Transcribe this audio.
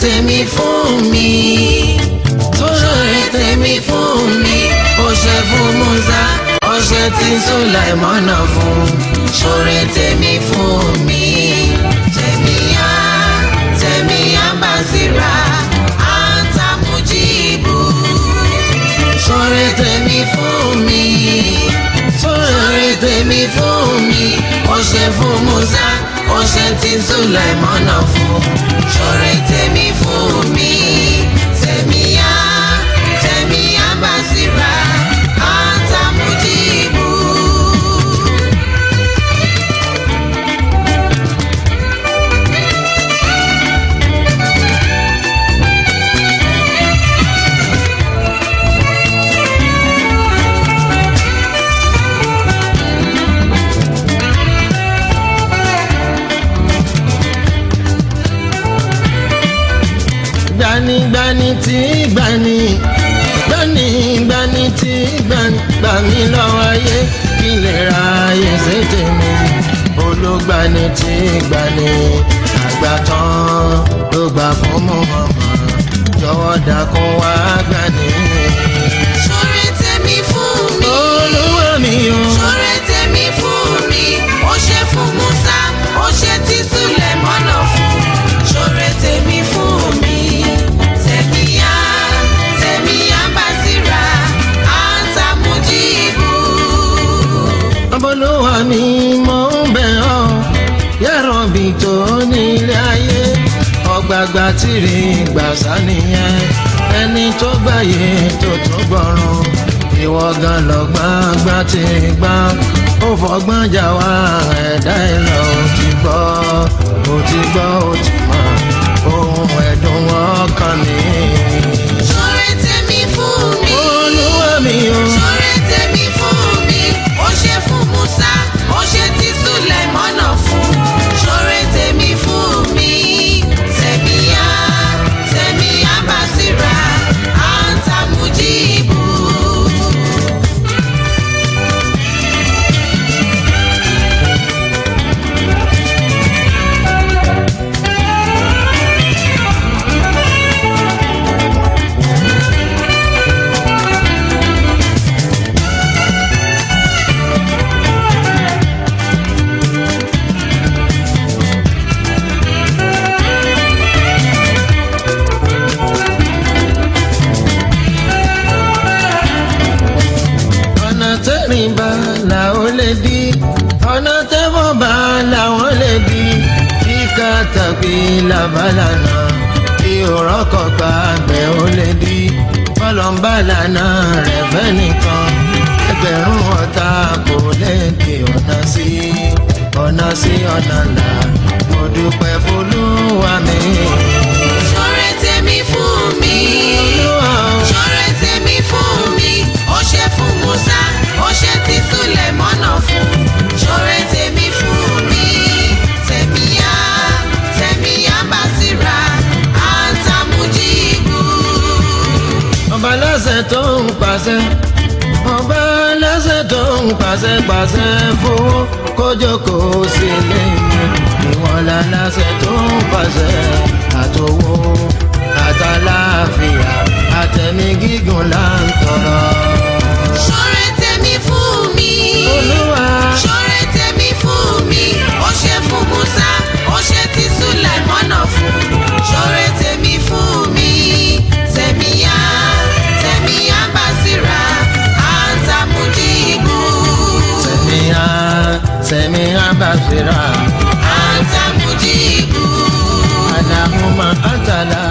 tèmi mi fumi, ṣọ̀rẹ́ tèmi mi fumi, ṣe fún Musa ó ṣe tí Sùlàìmọ́nà fún ṣọ̀rẹ́ tèmi fún mi tèmi yá tèmi yá Bàṣírà àtàkùjìbù ṣọ̀rẹ́ tèmi fún mi fumi, tèmi fún mi fumi, ṣe fún Musa ó ṣe tí gbanigbani ti gbani gbanigbani tí gbani lọ́wọ́ ayé kí lè ra ayé ṣe tèmi olùgbani ti gbani àgbà tán ló gbà fún mọ́ mọ́ jọ̀wọ́ dákun wá gbani. ló wà ní mọ́ ń bẹ̀ ọ́ yẹ́rọ̀bì tó nílé ayé ọ̀gbàgbà tìrì gbàsá nìyẹn ẹni tó gbàyè tó tó gbọ̀ràn ìwọ gan lọ́gbọ́n gbá ti gbá ó fọgbọ́n jà wá ẹ̀dá ìlọ ò ti gbọ́ ò ti gbọ́ ò ti mọ̀ ohun ẹ̀dùn ọkàn nìyẹn. rìn bá làwọn lè bí ọ̀nà tẹ́wọ́ bá làwọn lè bí kíkà tàbí làbálànà bí òrọ́ kan pa àgbẹ̀ ó lè bí fọlọ́nbà lànà rẹ̀ fẹ́ nìkan ẹgbẹ̀rún ọ̀tá kò lè dé ọ̀nà sí ọ̀nà sí ọ̀nà là mo dúpẹ́ fọlúwa mi. lẹ́sẹ̀ tó ń pàṣẹ ọba lẹ́sẹ̀ tó ń pàṣẹ pàṣẹ fowó kójókò sílé ìwọ̀n lálásẹ̀ tó ń pàṣẹ àtòwò àtàláfíà àtẹ̀mí gígùn Atamujibu Anahuma atala